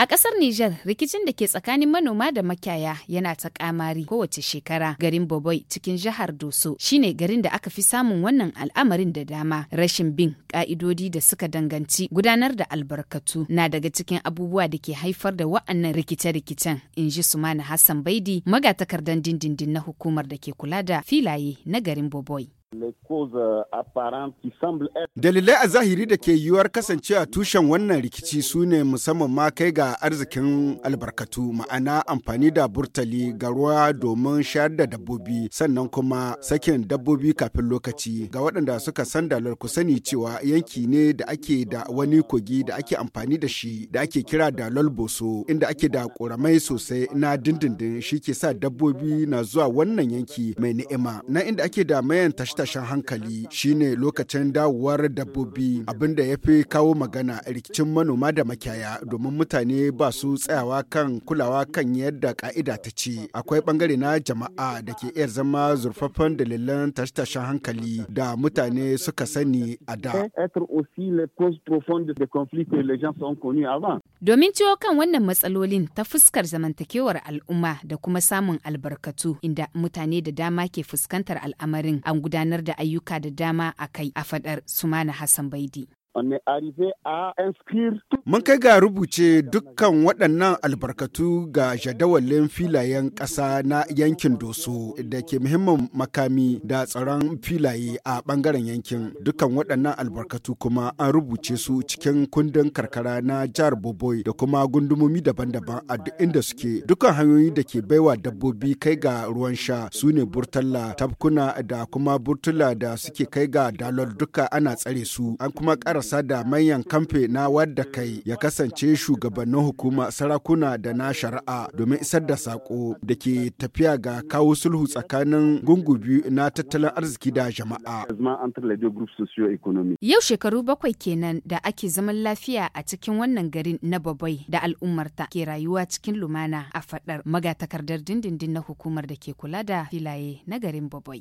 A ƙasar Nijar, rikicin da ke tsakanin manoma da makyaya yana ta ƙamari kowace shekara. Garin Boboi cikin jihar Doso shine garin da aka fi samun wannan al'amarin da dama. Rashin bin ƙa'idodi da suka danganci gudanar da albarkatu na daga cikin abubuwa da ke haifar da wa'annan rikice-rikicen, in ji Sumana Hassan Baidi, magatakardan dindindin na hukumar da ke kula da filaye na garin Boboi. Euh, Dalilai a zahiri da ke yiwuwar kasancewa tushen wannan rikici su ne musamman ma kai ga arzikin albarkatu ma'ana amfani da burtali ga ruwa domin shayar da dabbobi sannan kuma sakin dabbobi kafin lokaci ga waɗanda suka san dalar ku sani cewa yanki ne da ake da wani kogi da ake amfani da shi da ake kira da lalboso inda ake da ƙoramai sosai na dindindin shi ke sa dabbobi na zuwa wannan yanki mai ni'ima na inda ake da mayan tashi tashin tashen hankali shine lokacin dawowar dabbobi abinda ya fi kawo magana rikicin manoma da makiyaya domin mutane ba su tsayawa kan kulawa kan yadda ka'ida ta ce akwai bangare na jama'a da ke iya zama zurfaffen dalilan tashe-tashen hankali da mutane suka sani a da. Domin ciwo kan wannan matsalolin ta fuskar zamantakewar al'umma da kuma samun albarkatu inda mutane da dama ke fuskantar al'amarin an gudanar gudanar da ayyuka da dama a kai a fadar Sumana Hassan Baidi. Mun kai ga rubuce dukkan waɗannan albarkatu ga jadawalin filayen ƙasa na yankin Doso da ke muhimmin makami da tsaron filaye a ɓangaren yankin. Dukkan waɗannan albarkatu kuma an rubuce su cikin kundin karkara na jihar Boboi da kuma gundumomi daban-daban a duk inda suke. Dukkan hanyoyi da ke baiwa dabbobi kai ga ruwan sha su ne burtalla, tabkuna da kuma burtula da suke kai ga dalol duka ana tsare su. An kuma ƙara marasa da manyan kamfe na wadda kai ya kasance shugabannin hukuma sarakuna da na shari'a domin isar da sako da ke tafiya ga kawo sulhu tsakanin gungu biyu na tattalin arziki da jama'a. Yau shekaru bakwai kenan da ake zaman lafiya a cikin wannan garin na Babai da al'ummarta ke rayuwa cikin lumana a faɗar magatakardar dindindin na hukumar da ke kula da filaye na garin Babai.